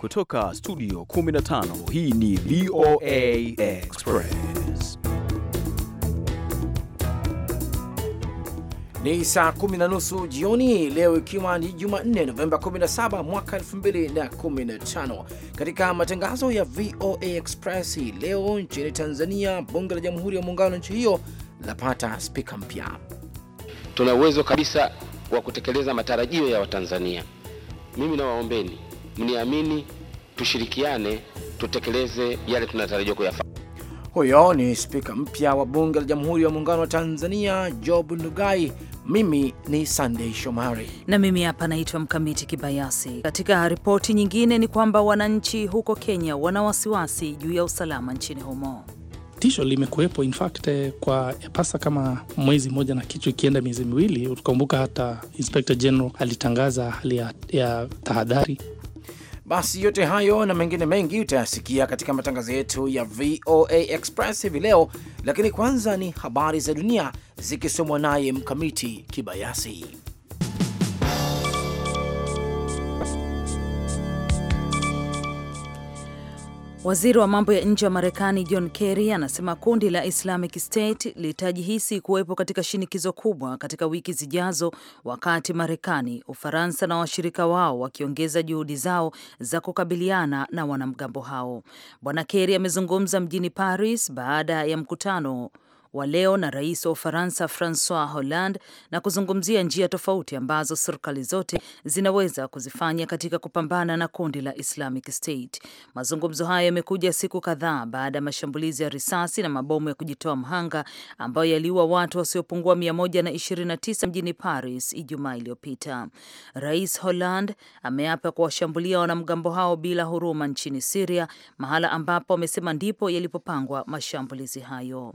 Kutoka studio 15 hii ni VOA Express. Ni saa kumi na nusu jioni leo, ikiwa ni Jumanne Novemba 17 mwaka 2015. Katika matangazo ya VOA Express hii leo, nchini Tanzania, bunge la Jamhuri ya Muungano wa nchi hiyo linapata spika mpya. Tuna uwezo kabisa wa kutekeleza matarajio ya Watanzania mimi nawaombeni mniamini, tushirikiane, tutekeleze yale tunatarajia kuyafanya. Huyo ni spika mpya wa bunge la Jamhuri ya Muungano wa Tanzania, Job Ndugai. Mimi ni Sandey Shomari na mimi hapa naitwa Mkamiti Kibayasi. Katika ripoti nyingine ni kwamba wananchi huko Kenya wana wasiwasi juu ya usalama nchini humo tisho limekuwepo in fact eh, kwa EPASA kama mwezi mmoja na kichwa ikienda miezi miwili. Utakumbuka hata Inspector General alitangaza hali ya, ya tahadhari. Basi yote hayo na mengine mengi utayasikia katika matangazo yetu ya VOA Express hivi leo, lakini kwanza ni habari za dunia zikisomwa naye Mkamiti Kibayasi. Waziri wa mambo ya nje wa Marekani John Kerry anasema kundi la Islamic State litajihisi kuwepo katika shinikizo kubwa katika wiki zijazo, wakati Marekani, Ufaransa na washirika wao wakiongeza juhudi zao za kukabiliana na wanamgambo hao. Bwana Kerry amezungumza mjini Paris baada ya mkutano wa leo na rais wa Ufaransa Francois Hollande na kuzungumzia njia tofauti ambazo serikali zote zinaweza kuzifanya katika kupambana na kundi la Islamic State. Mazungumzo hayo yamekuja siku kadhaa baada ya mashambulizi ya risasi na mabomu ya kujitoa mhanga ambayo yaliua watu wasiopungua 129 mjini Paris Ijumaa iliyopita. Rais Hollande ameapa kuwashambulia wanamgambo hao bila huruma nchini siria mahala ambapo amesema ndipo yalipopangwa mashambulizi hayo.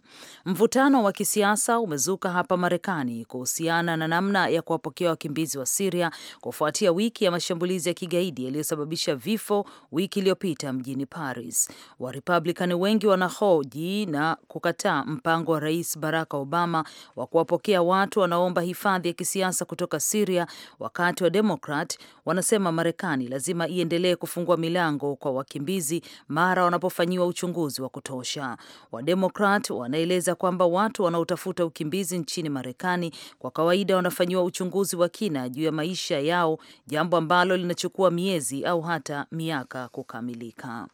Mvutano wa kisiasa umezuka hapa Marekani kuhusiana na namna ya kuwapokea wakimbizi wa Siria kufuatia wiki ya mashambulizi ya kigaidi yaliyosababisha vifo wiki iliyopita mjini Paris. Warepublikani wengi wanahoji na kukataa mpango wa Rais Barack Obama wa kuwapokea watu wanaomba hifadhi ya kisiasa kutoka Siria, wakati wa Demokrat wanasema Marekani lazima iendelee kufungua milango kwa wakimbizi mara wanapofanyiwa uchunguzi wa kutosha. Wademokrat wanaeleza kwamba kwamba watu wanaotafuta ukimbizi nchini Marekani kwa kawaida wanafanyiwa uchunguzi wa kina juu ya maisha yao, jambo ambalo linachukua miezi au hata miaka kukamilika.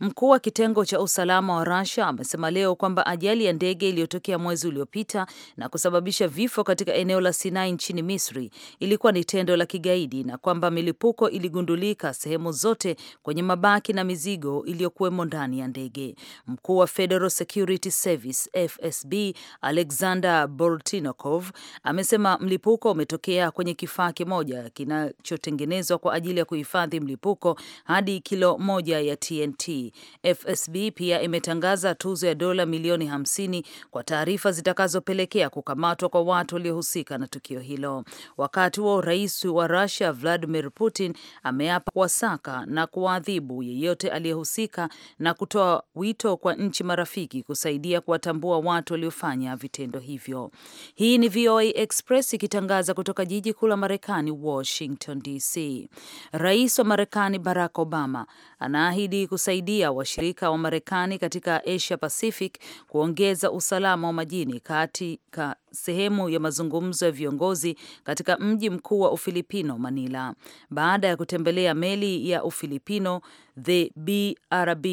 Mkuu wa kitengo cha usalama wa rasia amesema leo kwamba ajali ya ndege iliyotokea mwezi uliopita na kusababisha vifo katika eneo la Sinai nchini Misri ilikuwa ni tendo la kigaidi na kwamba milipuko iligundulika sehemu zote kwenye mabaki na mizigo iliyokuwemo ndani ya ndege. Mkuu wa Federal Security Service FS FSB Alexander Bortnikov amesema mlipuko umetokea kwenye kifaa kimoja kinachotengenezwa kwa ajili ya kuhifadhi mlipuko hadi kilo moja ya TNT. FSB pia imetangaza tuzo ya dola milioni 50 kwa taarifa zitakazopelekea kukamatwa kwa watu waliohusika na tukio hilo. Wakati huo rais wa Russia Vladimir Putin ameapa kuwasaka na kuwaadhibu yeyote aliyehusika na kutoa wito kwa nchi marafiki kusaidia kuwatambua watu watu waliofanya vitendo hivyo. Hii ni VOA Express ikitangaza kutoka jiji kuu la Marekani, Washington DC. Rais wa Marekani Barack Obama anaahidi kusaidia washirika wa Marekani katika Asia Pacific kuongeza usalama wa majini katika sehemu ya mazungumzo ya viongozi katika mji mkuu wa Ufilipino, Manila, baada ya kutembelea meli ya Ufilipino the BRB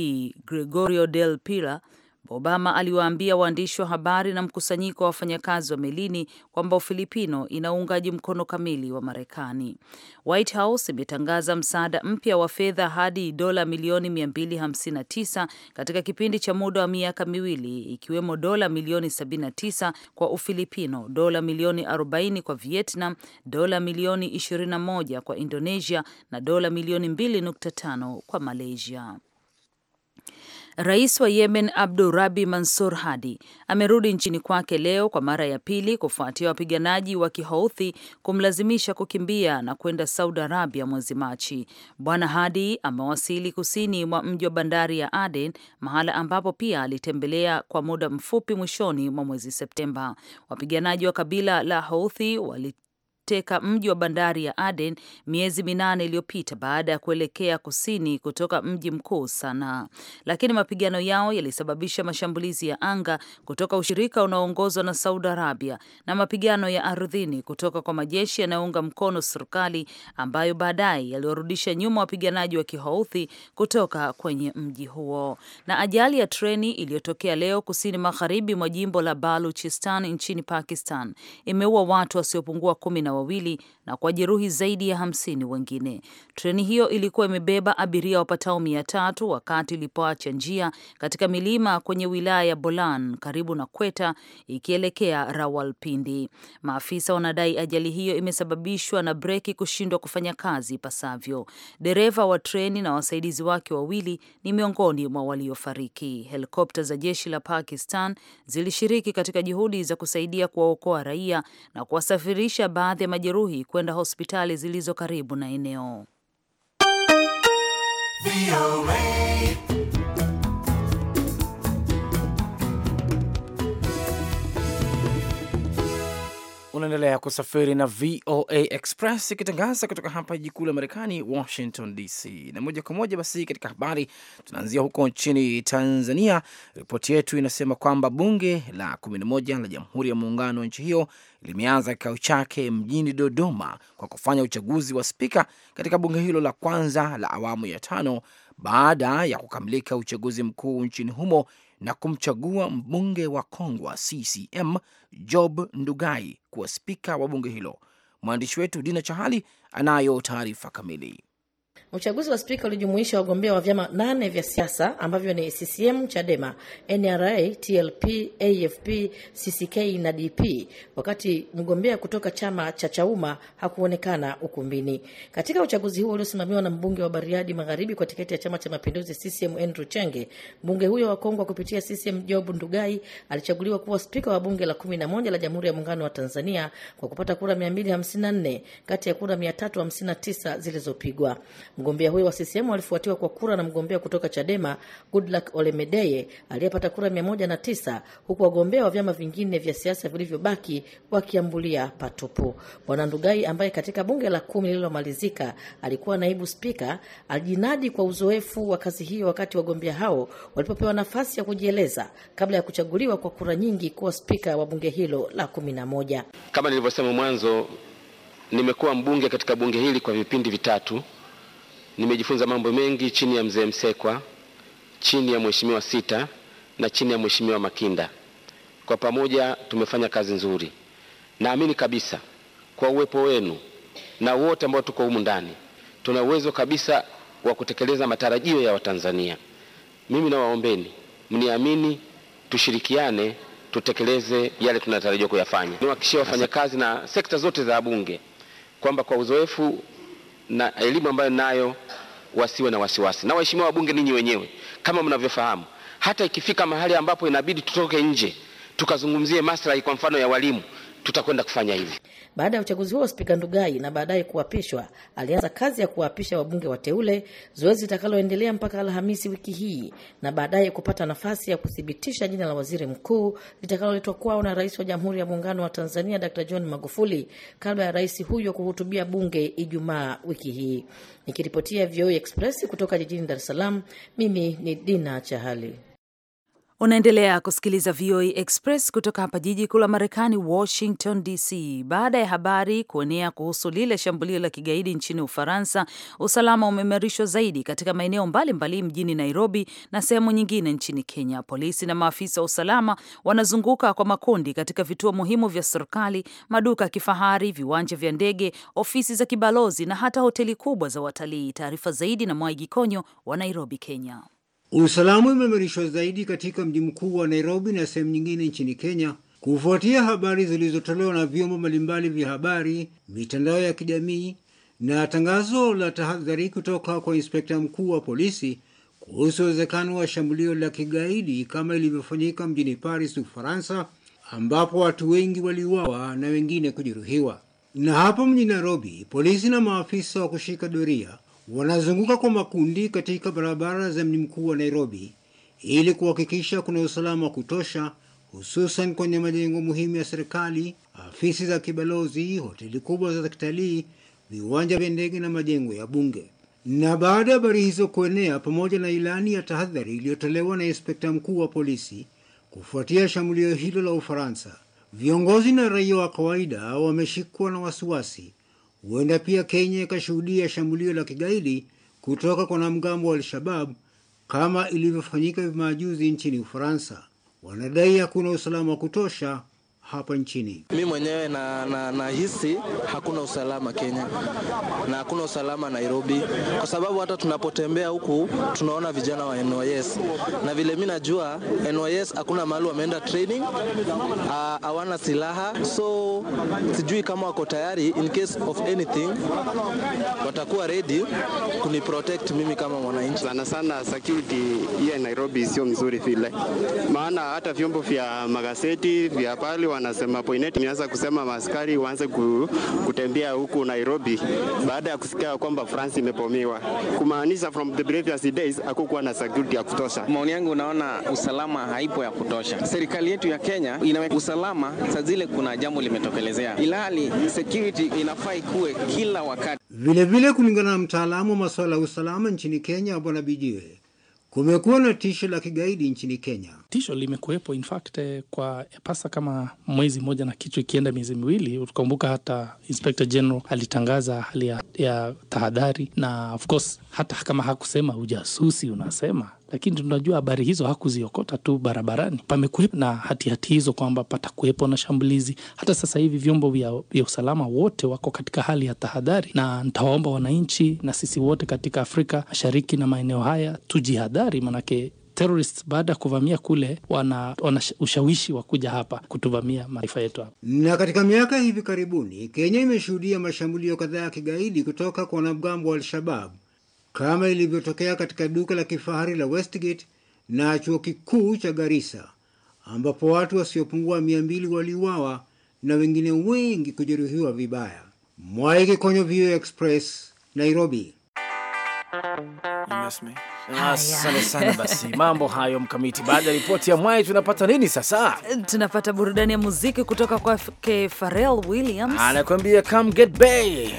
Gregorio del Pilar Obama aliwaambia waandishi wa habari na mkusanyiko wa wafanyakazi wa melini kwamba Ufilipino ina uungaji mkono kamili wa Marekani. White House imetangaza msaada mpya wa fedha hadi dola milioni 259 katika kipindi cha muda wa miaka miwili, ikiwemo dola milioni 79 kwa Ufilipino, dola milioni 40 kwa Vietnam, dola milioni 21 kwa Indonesia na dola milioni 2.5 kwa Malaysia. Rais wa Yemen Abdu Rabi Mansur Hadi amerudi nchini kwake leo kwa mara ya pili kufuatia wapiganaji wa Kihouthi kumlazimisha kukimbia na kwenda Saudi Arabia mwezi Machi. Bwana Hadi amewasili kusini mwa mji wa bandari ya Aden, mahala ambapo pia alitembelea kwa muda mfupi mwishoni mwa mwezi Septemba. Wapiganaji wa kabila la Houthi wali kuteka mji wa bandari ya Aden miezi minane iliyopita baada ya kuelekea kusini kutoka mji mkuu Sanaa, lakini mapigano yao yalisababisha mashambulizi ya anga kutoka ushirika unaoongozwa na Saudi Arabia na mapigano ya ardhini kutoka kwa majeshi yanayounga mkono serikali ambayo baadaye yaliwarudisha nyuma wapiganaji wa Kihouthi kutoka kwenye mji huo. Na ajali ya treni iliyotokea leo kusini magharibi mwa jimbo la Baluchistan nchini Pakistan imeua watu wasiopungua kumi na wawili na jeruhi zaidi ya hamsini wengine. Treni hiyo ilikuwa imebeba abiria wapatao mia tatu wakati ilipoacha njia katika milima kwenye wilaya ya Bolan karibu na Kweta ikielekea Rawalpindi. Maafisa wanadai ajali hiyo imesababishwa na breki kushindwa kufanya kazi ipasavyo. Dereva wa treni na wasaidizi wake wawili ni miongoni mwa waliofariki. Helikopta za jeshi la Pakistan zilishiriki katika juhudi za kusaidia kuwaokoa raia na kuwasafirisha baadhi baadhi ya majeruhi kwenda hospitali zilizo karibu na eneo. Unaendelea kusafiri na VOA Express ikitangaza kutoka hapa jiji kuu la Marekani, Washington DC, na moja kwa moja basi katika habari tunaanzia huko nchini Tanzania. Ripoti yetu inasema kwamba bunge la 11 la Jamhuri ya Muungano wa nchi hiyo limeanza kikao chake mjini Dodoma kwa kufanya uchaguzi wa spika katika bunge hilo la kwanza la awamu ya tano baada ya kukamilika uchaguzi mkuu nchini humo na kumchagua mbunge wa Kongwa CCM Job Ndugai kuwa spika wa bunge hilo. Mwandishi wetu Dina Chahali anayo taarifa kamili. Uchaguzi wa spika ulijumuisha wagombea wa vyama nane vya siasa ambavyo ni CCM, Chadema, NRA, TLP, AFP, CCK na DP, wakati mgombea kutoka chama cha Chauma hakuonekana ukumbini. Katika uchaguzi huo uliosimamiwa na mbunge wa Bariadi Magharibi kwa tiketi ya chama cha mapinduzi CCM Andrew Chenge, mbunge huyo wa Kongwa kupitia CCM Job Ndugai alichaguliwa kuwa spika wa bunge la 11 la Jamhuri ya Muungano wa Tanzania kwa kupata kura 254 kati ya kura 359 zilizopigwa. Mgombea huyo wa CCM alifuatiwa kwa kura na mgombea kutoka Chadema Goodluck Olemedeye aliyepata kura 19 huku wagombea wa vyama vingine vya siasa vilivyobaki wakiambulia patupu. Bwana Ndugai ambaye katika bunge la kumi lililomalizika alikuwa naibu spika alijinadi kwa uzoefu wa kazi hiyo wakati wagombea hao walipopewa nafasi ya kujieleza kabla ya kuchaguliwa kwa kura nyingi kuwa spika wa bunge hilo la kumi na moja. Kama nilivyosema mwanzo, nimekuwa mbunge katika bunge hili kwa vipindi vitatu nimejifunza mambo mengi chini ya mzee Msekwa, chini ya mheshimiwa Sita na chini ya mheshimiwa Makinda. Kwa pamoja tumefanya kazi nzuri. Naamini kabisa kwa uwepo wenu na wote ambao tuko humu ndani, tuna uwezo kabisa wa kutekeleza matarajio ya Watanzania. Mimi nawaombeni mniamini, tushirikiane, tutekeleze yale tunatarajiwa kuyafanya. Niwahakikishie wafanyakazi na sekta zote za Bunge kwamba kwa uzoefu na elimu ambayo nayo wasiwe na wasiwasi. Na waheshimiwa wabunge, ninyi wenyewe kama mnavyofahamu, hata ikifika mahali ambapo inabidi tutoke nje tukazungumzie maslahi kwa mfano ya walimu tutakwenda kufanya hivi. Baada ya uchaguzi huo, Spika Ndugai na baadaye kuapishwa, alianza kazi ya kuwaapisha wabunge wateule, zoezi litakaloendelea mpaka Alhamisi wiki hii, na baadaye kupata nafasi ya kuthibitisha jina la waziri mkuu litakaloletwa kwao na Rais wa Jamhuri ya Muungano wa Tanzania Dr. John Magufuli, kabla ya rais huyo kuhutubia bunge Ijumaa wiki hii. Nikiripotia VOA e Express kutoka jijini Dar es Salaam, mimi ni Dina Chahali. Unaendelea kusikiliza VOA e Express kutoka hapa jiji kuu la Marekani, Washington DC. Baada ya habari kuenea kuhusu lile shambulio la kigaidi nchini Ufaransa, usalama umeimarishwa zaidi katika maeneo mbalimbali mjini Nairobi na sehemu nyingine nchini Kenya. Polisi na maafisa wa usalama wanazunguka kwa makundi katika vituo muhimu vya serikali, maduka ya kifahari, viwanja vya ndege, ofisi za kibalozi na hata hoteli kubwa za watalii. Taarifa zaidi na Mwai konyo wa Nairobi, Kenya usalamu umeimarishwa zaidi katika mji mkuu wa Nairobi na sehemu nyingine nchini Kenya kufuatia habari zilizotolewa na vyombo mbalimbali vya habari, mitandao ya kijamii na tangazo la tahadhari kutoka kwa inspekta mkuu wa polisi kuhusu uwezekano wa shambulio la kigaidi kama ilivyofanyika mjini Paris, Ufaransa, ambapo watu wengi waliuawa na wengine kujeruhiwa. Na hapo mjini Nairobi, polisi na maafisa wa kushika doria wanazunguka kwa makundi katika barabara za mji mkuu wa Nairobi ili kuhakikisha kuna usalama wa kutosha, hususan kwenye majengo muhimu ya serikali, afisi za kibalozi, hoteli kubwa za kitalii, viwanja vya ndege na majengo ya bunge. Na baada ya habari hizo kuenea, pamoja na ilani ya tahadhari iliyotolewa na inspekta mkuu wa polisi kufuatia shambulio hilo la Ufaransa, viongozi na raia wa kawaida wameshikwa na wasiwasi Huenda pia Kenya ikashuhudia shambulio la kigaidi kutoka kwa wanamgambo wa Al-Shabab kama ilivyofanyika hivi majuzi nchini Ufaransa. Wanadai hakuna usalama wa kutosha hapa nchini. Mi mwenyewe nahisi na, na hakuna usalama Kenya na hakuna usalama Nairobi, kwa sababu hata tunapotembea huku tunaona vijana wa NYS na vile mi najua NYS hakuna mahali wameenda training, ah, hawana silaha, so sijui kama wako tayari in case of anything, watakuwa ready kuniprotect mimi kama mwananchi. Sana sana security ya Nairobi sio mzuri vile, maana hata vyombo vya magazeti vya pale wanasema Boynet imeanza kusema maskari waanze kutembea huku Nairobi baada ya kusikia kwamba France imepomiwa, kumaanisha from the previous days hakukuwa na security ya kutosha. Maoni yangu, unaona usalama haipo ya kutosha. Serikali yetu ya Kenya inaweka usalama saa zile kuna jambo limetokelezea, ilhali security inafaa ikuwe kila wakati. Vilevile, kulingana na mtaalamu wa masuala ya usalama nchini Kenya, Bwana Bijiwe Kumekuwa na tisho la kigaidi nchini Kenya. Tisho limekuwepo in fact eh, kwa pasa kama mwezi mmoja na kichwa ikienda miezi miwili. Ukumbuka hata Inspector General alitangaza hali ya, ya tahadhari, na of course hata kama hakusema ujasusi unasema lakini tunajua habari hizo hakuziokota tu barabarani, pamekuwepo na hatihati hizo kwamba patakuwepo na shambulizi. Hata sasa hivi vyombo vya usalama wote wako katika hali ya tahadhari, na nitawaomba wananchi na sisi wote katika Afrika Mashariki na maeneo haya tujihadhari, manake terrorist baada ya kuvamia kule wana, wana ushawishi wa kuja hapa kutuvamia mataifa yetu hapa. Na katika miaka hivi karibuni, Kenya imeshuhudia mashambulio kadhaa ya kigaidi kutoka kwa wanamgambo wa Al-Shabab kama ilivyotokea katika duka la kifahari la Westgate na chuo kikuu cha garisa ambapo watu wasiopungua mia mbili waliuawa na wengine wengi kujeruhiwa vibaya. mwaiki kwenye VOA Express, Nairobi. Asante sana. Basi mambo hayo mkamiti. Baada ya ripoti ya Mwai, tunapata nini sasa? Tunapata burudani ya muziki kutoka kwake Pharrell Williams, anakuambia come get bay.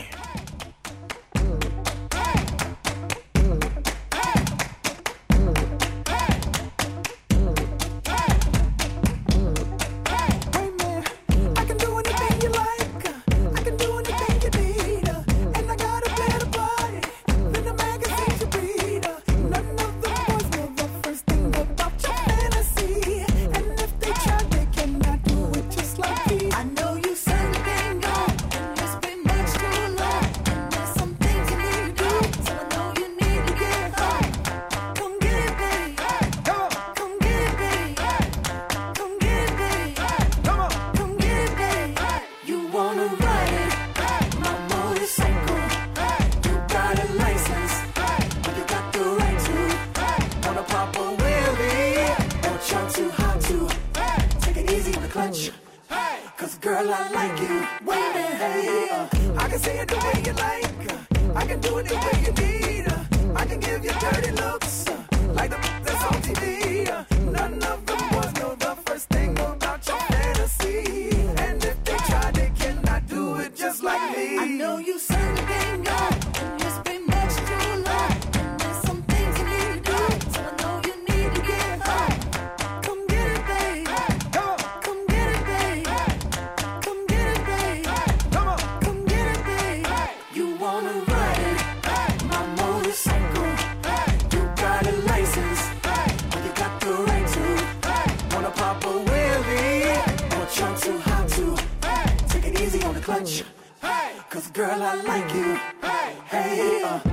Girl, I like you. Hey, hey. Uh.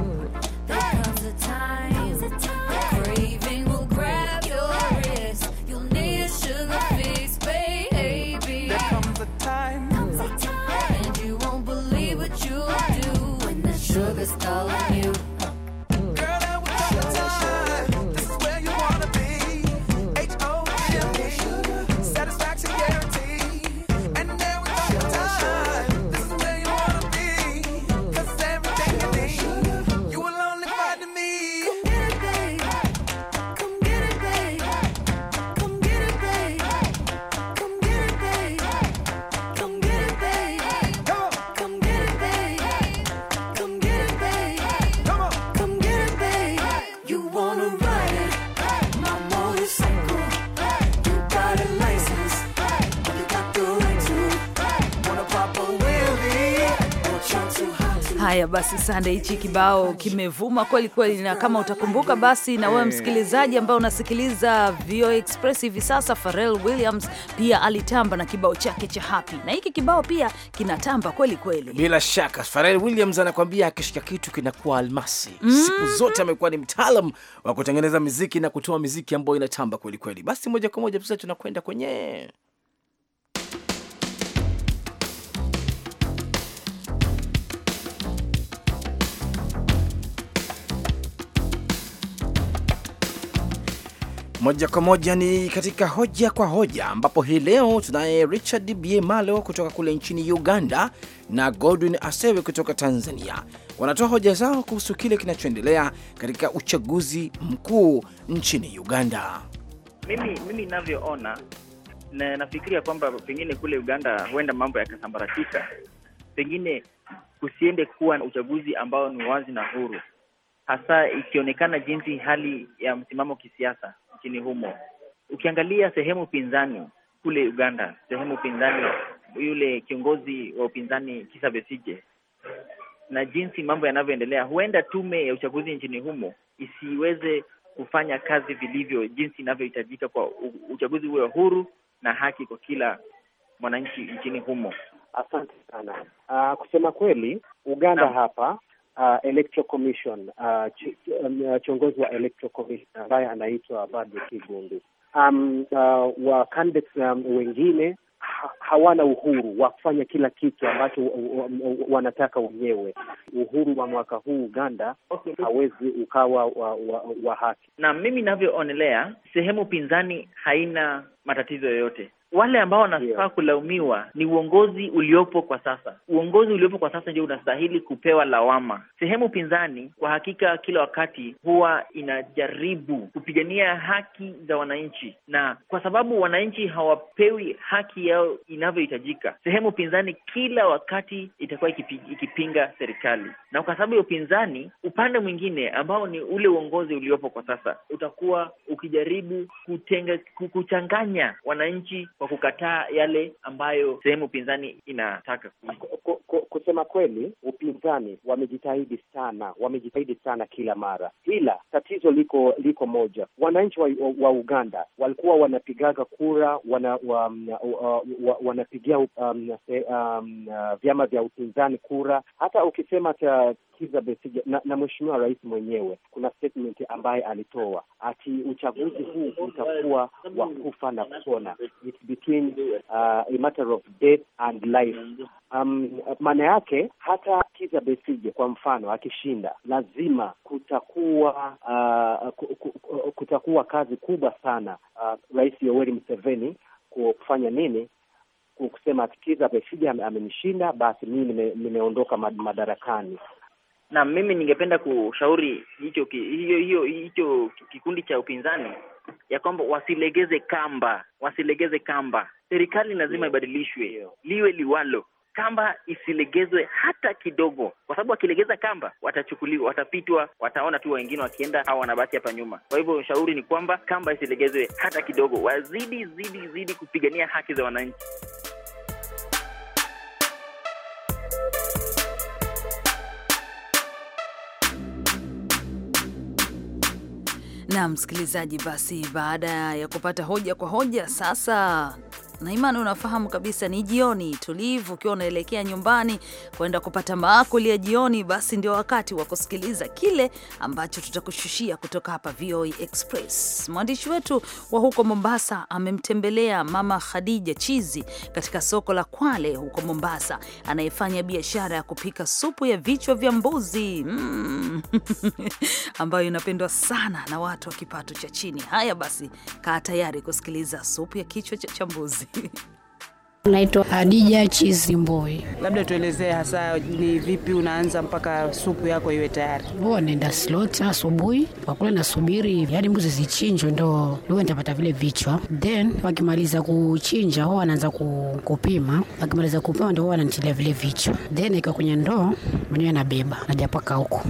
Haya basi, Sande, hichi kibao kimevuma kweli kweli, na kama utakumbuka basi na wewe eh. msikilizaji ambaye unasikiliza VO Express hivi sasa, Pharrell Williams pia alitamba na kibao chake cha Happy, na hiki kibao pia kinatamba kweli kweli. Bila shaka Pharrell Williams anakwambia akishika kitu kinakuwa almasi. mm -hmm. Siku zote amekuwa ni mtaalam wa kutengeneza miziki na kutoa miziki ambayo inatamba kweli kweli. Basi moja kwa moja sasa tunakwenda kwenye Moja kwa moja ni katika hoja kwa hoja, ambapo hii leo tunaye Richard B Malo kutoka kule nchini Uganda na Godwin Asewe kutoka Tanzania. Wanatoa hoja zao kuhusu kile kinachoendelea katika uchaguzi mkuu nchini Uganda. Mimi mimi ninavyoona na nafikiria kwamba pengine kule Uganda huenda mambo yakasambaratika, pengine kusiende kuwa uchaguzi ambao ni wazi na huru, hasa ikionekana jinsi hali ya msimamo kisiasa nchini humo. Ukiangalia sehemu pinzani kule Uganda, sehemu pinzani, yule kiongozi wa upinzani Kizza Besigye na jinsi mambo yanavyoendelea, huenda tume ya uchaguzi nchini humo isiweze kufanya kazi vilivyo jinsi inavyohitajika kwa uchaguzi huwe huru na haki kwa kila mwananchi nchini humo. Asante sana. Uh, kusema kweli Uganda na hapa uh, Electoral Commission uh, ch um, uh, kiongozi wa Electoral Commission ambaye anaitwa Badru Kigundu. Um, uh, wa candidates um, wengine ha hawana uhuru wa kufanya kila kitu ambacho um, wanataka wenyewe. Uhuru wa mwaka huu Uganda hawezi ukawa wa, wa, wa haki, na mimi inavyoonelea sehemu pinzani haina matatizo yoyote wale ambao wanafaa yeah, kulaumiwa ni uongozi uliopo kwa sasa. Uongozi uliopo kwa sasa ndio unastahili kupewa lawama. Sehemu pinzani kwa hakika, kila wakati huwa inajaribu kupigania haki za wananchi, na kwa sababu wananchi hawapewi haki yao inavyohitajika, sehemu pinzani kila wakati itakuwa ikipinga serikali, na kwa sababu ya upinzani, upande mwingine ambao ni ule uongozi uliopo kwa sasa utakuwa ukijaribu kutenga, kuchanganya wananchi kwa kukataa yale ambayo sehemu upinzani inataka. Ah, kusema kweli, upinzani wamejitahidi sana, wamejitahidi sana kila mara, ila tatizo liko liko moja. Wananchi wa, wa Uganda walikuwa wanapigaga kura wana, wa, um, wa, wa, wanapigia um, um, uh, vyama vya upinzani kura. Hata ukisema ta, na, na mheshimiwa rais mwenyewe kuna statement ambaye alitoa ati uchaguzi huu utakuwa wa kufa na kupona between uh, a matter of death and life. Um, maana yake hata Kizza Besigye kwa mfano akishinda, lazima kutakuwa uh, kutakuwa kazi kubwa sana uh, Rais Yoweri Museveni kufanya nini kusema Kizza Besigye amenishinda, basi mimi nimeondoka madarakani. Na mimi ningependa kushauri hicho hiyo hicho kikundi cha upinzani ya kwamba wasilegeze kamba, wasilegeze kamba. Serikali lazima ibadilishwe, liwe liwalo kamba isilegezwe hata kidogo, kwa sababu wakilegeza kamba watachukuliwa, watapitwa, wataona tu wengine wakienda au wanabaki hapa nyuma. Kwa hivyo ushauri ni kwamba kamba isilegezwe hata kidogo, wazidi zidi zidi kupigania haki za wananchi. na msikilizaji, basi baada ya kupata hoja kwa hoja, sasa na imani unafahamu kabisa ni jioni tulivu, ukiwa unaelekea nyumbani kwenda kupata maakuli ya jioni, basi ndio wakati wa kusikiliza kile ambacho tutakushushia kutoka hapa VOA e Express. Mwandishi wetu wa huko Mombasa amemtembelea Mama Khadija Chizi katika soko la Kwale huko Mombasa, anayefanya biashara ya kupika supu ya vichwa vya mbuzi mm. ambayo inapendwa sana na watu wa kipato cha chini. Haya basi, kaa tayari kusikiliza supu ya kichwa cha mbuzi. へえ。Naitwa Adija Chizimboi. Labda tuelezee hasa ni vipi unaanza mpaka supu yako iwe tayari? Huwa nenda slota asubuhi, kwa kule nasubiri yani mbuzi zichinjwe, ndo huwa nitapata vile vichwa, then wakimaliza kuchinja huwa wanaanza kupima. Wakimaliza kupima ndo huwa wananitilia vile vichwa, then ikiwa kwenye ndoo mwenyewe nabeba paka huko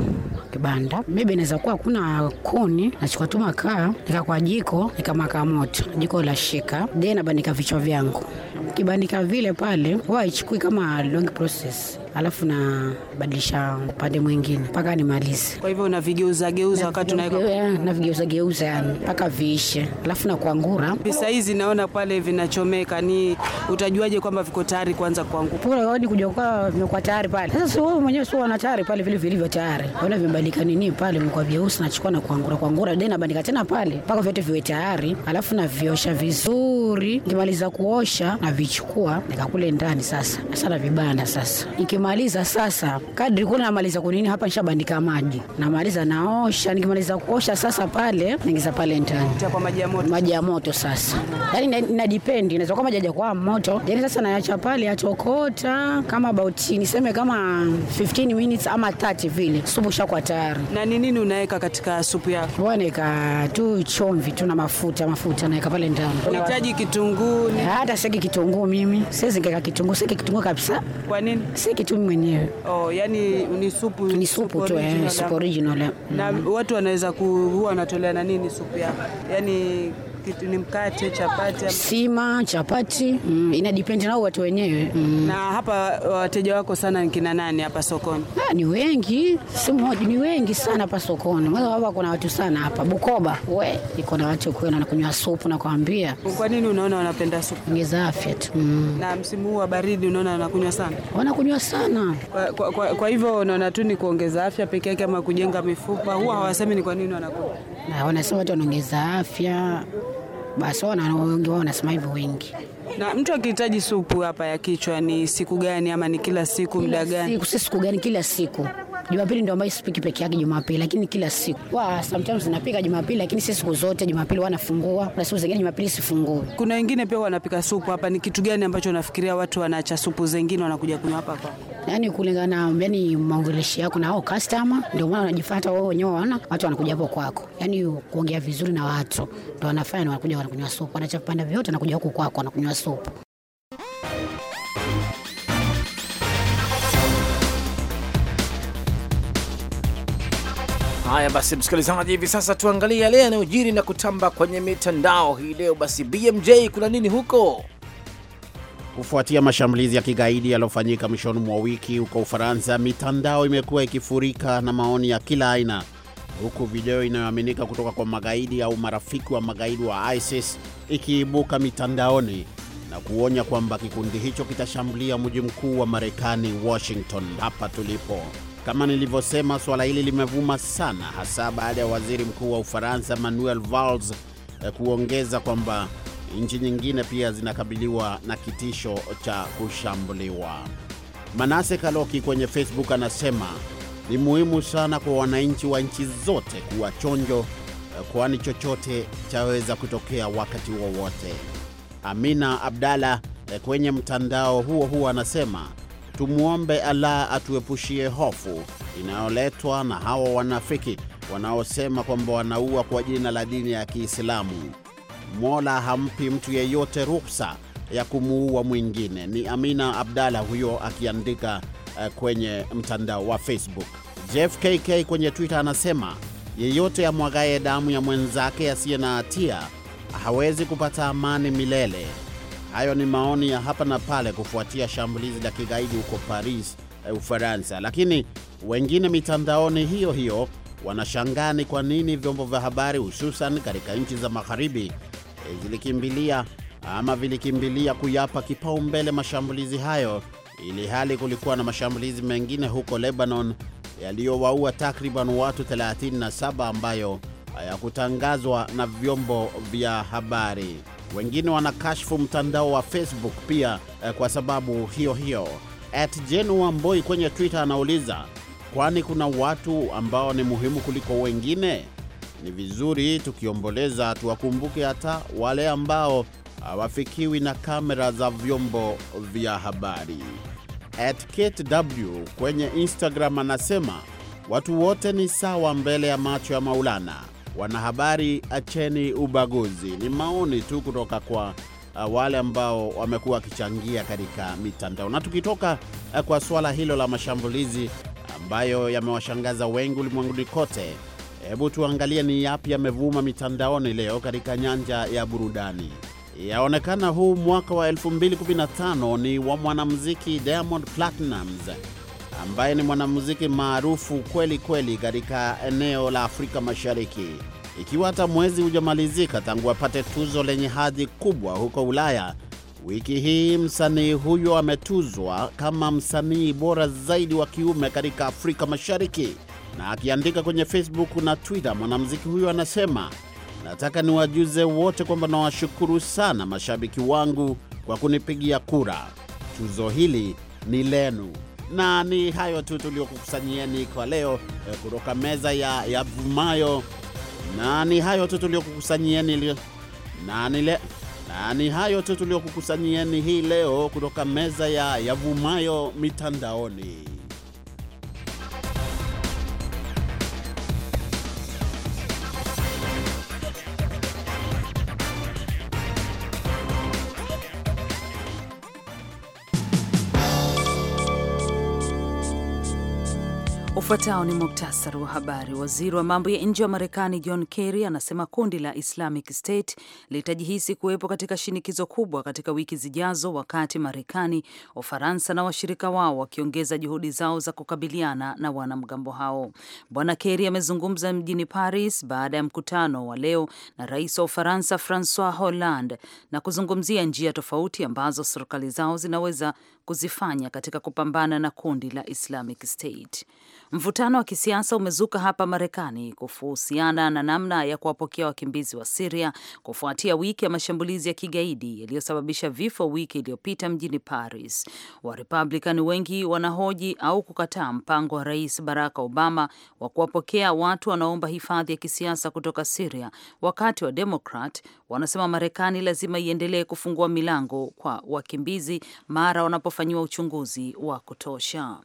kibanda, maybe inaweza kuwa kuna kuni, nachukua tu makaa nika kwa jiko nikamaka moto, jiko la shika, then abanika vichwa vyangu kibandika vile pale huwa haichukui kama long process alafu nabadilisha upande mwingine mpaka nimalize. Kwa hivyo unavigeuzageuza wakati unaweka, eh, navigeuzageuza yani mpaka viishe, alafu na kuangura. hizi naona pale vinachomeka, ni utajuaje kwamba viko tayari kuanza kuangura? Kuja kwa vimekuwa tayari pale. Sasa si wewe mwenyewe si wana tayari pale, vile vilivyo tayari ona vimebadilika nini pale, vimekuwa vyeusi, nachukua na kuangura kuangura, dena nabandika tena pale mpaka vyote viwe tayari, alafu naviosha vizuri. Nikimaliza kuosha navichukua nikakule ndani. Sasa sasa navibanda sasa iki nikimaliza sasa, kadri kuna namaliza kunini hapa, nishabandika maji, namaliza naosha. Nikimaliza kuosha sasa, pale naingiza pale ndani maji ya moto sasa, yani inadipendi, inaweza kuwa maji kwa moto, yani sasa naacha pale yatokota kama about niseme kama 15 minutes ama 30 vile, supu shakuwa tayari. Na ni nini unaweka katika supu yako? Wanaweka tu chumvi tu na mafuta, mafuta naweka pale ndani. Unahitaji kitunguu? Hata siki kitunguu mimi siwezi ngeka kitunguu, siki kitunguu kabisa. Kwa nini? siki tu mwenyewe. Oh, yani ni supu, ni supu tu eh, supu original. Eh. Na mm. watu wanaweza kuwa wanatolea na nini supu yako? yani kitu ni mkate, chapati, sima, chapati mm, ina depend na watu wenyewe mm. Na hapa uh, wateja wako sana ni kina nani hapa sokoni? Ha, ni wengi, si mmoja, ni wengi sana hapa sokoni. Hapa kuna watu sana hapa Bukoba, we iko na watu kwenda na kunywa supu na kuambia. Kwa nini unaona wanapenda supu? Ongeza afya tu mm. Na msimu huu wa baridi unaona wanakunywa sana, wanakunywa sana kwa, kwa, kwa, kwa hivyo unaona tu ni kuongeza afya peke yake ama kujenga mifupa, huwa hawasemi ni kwa nini wanakunywa, na wanasema watu wanaongeza afya basi wengi wao wanasema hivyo wengi. Na mtu akihitaji supu hapa ya kichwa ni siku gani ama ni kila siku muda gani? Siku si siku gani, kila siku Jumapili ndio ambayo sipiki peke yake Jumapili, lakini kila siku wa sometimes napika Jumapili, lakini si siku zote Jumapili wanafungua, na siku zingine Jumapili sifungui. Kuna wengine pia wanapika supu hapa. Ni kitu gani ambacho unafikiria watu wanaacha supu zingine wanakuja kunywa hapa kwa? Yani kulingana na yani maongeleshi yako na hao customer, ndio maana unajifuata wewe wenyewe, wana watu wanakuja hapo kwako, yani kuongea vizuri na watu ndio wanafanya, wanakuja wanakunywa supu, wanachapanda vyote, wanakuja huko kwako wanakunywa supu. Haya basi, msikilizaji, hivi sasa tuangalie yale yanayojiri na kutamba kwenye mitandao hii leo. Basi BMJ, kuna nini huko? Kufuatia mashambulizi ya kigaidi yaliyofanyika mwishoni mwa wiki huko Ufaransa, mitandao imekuwa ikifurika na maoni ya kila aina, huku video inayoaminika kutoka kwa magaidi au marafiki wa magaidi wa ISIS ikiibuka mitandaoni na kuonya kwamba kikundi hicho kitashambulia mji mkuu wa Marekani, Washington, hapa tulipo. Kama nilivyosema, suala hili limevuma sana, hasa baada ya waziri mkuu wa Ufaransa Manuel Valls eh, kuongeza kwamba nchi nyingine pia zinakabiliwa na kitisho cha kushambuliwa. Manase Kaloki kwenye Facebook anasema ni muhimu sana kwa wananchi wa nchi zote kuwa chonjo, eh, kwani chochote chaweza kutokea wakati wowote. Amina Abdalla eh, kwenye mtandao huo huo anasema Tumwombe Allah atuepushie hofu inayoletwa na hawa wanafiki wanaosema kwamba wanaua kwa jina la dini ya Kiislamu. Mola hampi mtu yeyote ruhusa ya kumuua mwingine. Ni Amina Abdalla huyo akiandika eh, kwenye mtandao wa Facebook. Jeff KK kwenye Twitter anasema yeyote amwagaye damu ya mwenzake asiye na hatia hawezi kupata amani milele. Hayo ni maoni ya hapa na pale kufuatia shambulizi la kigaidi huko Paris, eh, Ufaransa. Lakini wengine mitandaoni hiyo hiyo wanashangaa ni kwa nini vyombo vya habari hususan katika nchi za magharibi eh, zilikimbilia ama vilikimbilia kuyapa kipaumbele mashambulizi hayo, ili hali kulikuwa na mashambulizi mengine huko Lebanon yaliyowaua takriban watu 37 ambayo hayakutangazwa na vyombo vya habari. Wengine wanakashfu mtandao wa Facebook pia eh, kwa sababu hiyo hiyo. At Jenu Wamboi kwenye Twitter anauliza kwani kuna watu ambao ni muhimu kuliko wengine? Ni vizuri tukiomboleza tuwakumbuke hata wale ambao hawafikiwi na kamera za vyombo vya habari. At Kate W kwenye Instagram anasema watu wote ni sawa mbele ya macho ya Maulana. Wanahabari, acheni ubaguzi. Ni maoni tu kutoka kwa uh, wale ambao wamekuwa wakichangia katika mitandao. Na tukitoka uh, kwa suala hilo la mashambulizi ambayo yamewashangaza wengi ulimwenguni kote, hebu tuangalie ni yapi yamevuma mitandaoni leo katika nyanja ya burudani. Yaonekana huu mwaka wa 2015 ni wa mwanamuziki Diamond Platnumz ambaye ni mwanamuziki maarufu kweli kweli katika eneo la Afrika Mashariki. Ikiwa hata mwezi hujamalizika tangu apate tuzo lenye hadhi kubwa huko Ulaya, wiki hii msanii huyo ametuzwa kama msanii bora zaidi wa kiume katika Afrika Mashariki. Na akiandika kwenye Facebook na Twitter, mwanamuziki huyo anasema, nataka niwajuze wote kwamba nawashukuru sana mashabiki wangu kwa kunipigia kura. Tuzo hili ni lenu na ni hayo tu tuliokukusanyieni kwa leo eh, kutoka meza ya yavumayo, na ni hayo tu tuliokukusanyieni na ni le na ni hayo tu tuliokukusanyieni hii leo kutoka meza ya yavumayo mitandaoni. Ufuatao ni muktasari wa habari. Waziri wa mambo ya nje wa Marekani John Kerry anasema kundi la Islamic State litajihisi kuwepo katika shinikizo kubwa katika wiki zijazo, wakati Marekani, Ufaransa na washirika wao wakiongeza juhudi zao za kukabiliana na wanamgambo hao. Bwana Kerry amezungumza mjini Paris baada ya mkutano wa leo na rais wa Ufaransa Francois Hollande na kuzungumzia njia tofauti ambazo serikali zao zinaweza kuzifanya katika kupambana na kundi la Islamic State. Mvutano wa kisiasa umezuka hapa Marekani kuhusiana na namna ya kuwapokea wakimbizi wa Siria kufuatia wiki ya mashambulizi ya kigaidi yaliyosababisha vifo wiki iliyopita mjini Paris. Warepublikani wengi wanahoji au kukataa mpango wa Rais Barack Obama wa kuwapokea watu wanaomba hifadhi ya kisiasa kutoka Siria, wakati wa Demokrat wanasema Marekani lazima iendelee kufungua milango kwa wakimbizi mara wanapofanyiwa uchunguzi wa kutosha.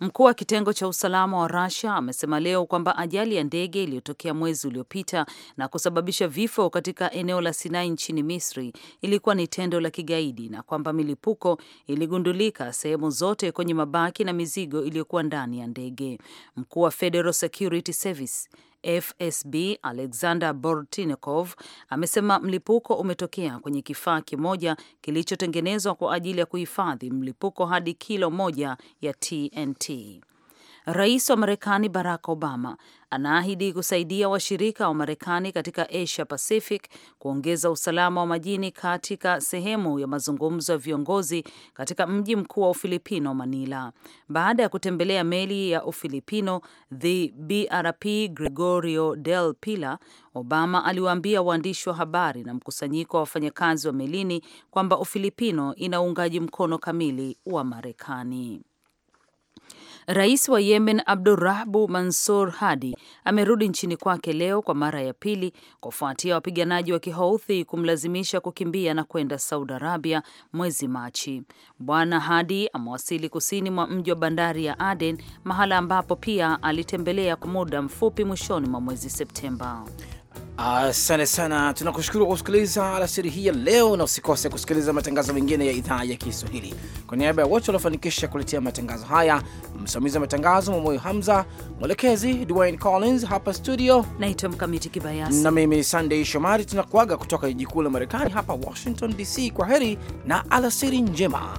Mkuu wa kitengo cha usalama wa rasia amesema leo kwamba ajali ya ndege iliyotokea mwezi uliopita na kusababisha vifo katika eneo la Sinai nchini Misri ilikuwa ni tendo la kigaidi na kwamba milipuko iligundulika sehemu zote kwenye mabaki na mizigo iliyokuwa ndani ya ndege. Mkuu wa Federal Security Service FSB Alexander Bortnikov amesema mlipuko umetokea kwenye kifaa kimoja kilichotengenezwa kwa ajili ya kuhifadhi mlipuko hadi kilo moja ya TNT. Rais wa Marekani Barack Obama anaahidi kusaidia washirika wa Marekani katika Asia Pacific kuongeza usalama wa majini katika sehemu ya mazungumzo ya viongozi katika mji mkuu wa Ufilipino, Manila, baada ya kutembelea meli ya Ufilipino the BRP Gregorio del Pilar. Obama aliwaambia waandishi wa habari na mkusanyiko wa wafanyakazi wa melini kwamba Ufilipino ina uungaji mkono kamili wa Marekani. Rais wa Yemen abdurahbu Mansur Hadi amerudi nchini kwake leo kwa mara ya pili kufuatia wapiganaji wa Kihouthi kumlazimisha kukimbia na kwenda Saudi Arabia mwezi Machi. Bwana Hadi amewasili kusini mwa mji wa bandari ya Aden, mahala ambapo pia alitembelea kwa muda mfupi mwishoni mwa mwezi Septemba. Asante sana. Tunakushukuru kwa kusikiliza alasiri hii ya leo, na usikose kusikiliza matangazo mengine ya idhaa ya Kiswahili. Kwa niaba ya wote waliofanikisha kuletea matangazo haya, msimamizi wa matangazo Mwamoyo Hamza, mwelekezi Dwayne Collins hapa studio, naitwa Mkamiti Kibayasi na mimi ni Sandey Shomari. Tunakuaga kutoka jiji kuu la Marekani hapa Washington DC. Kwa heri na alasiri njema.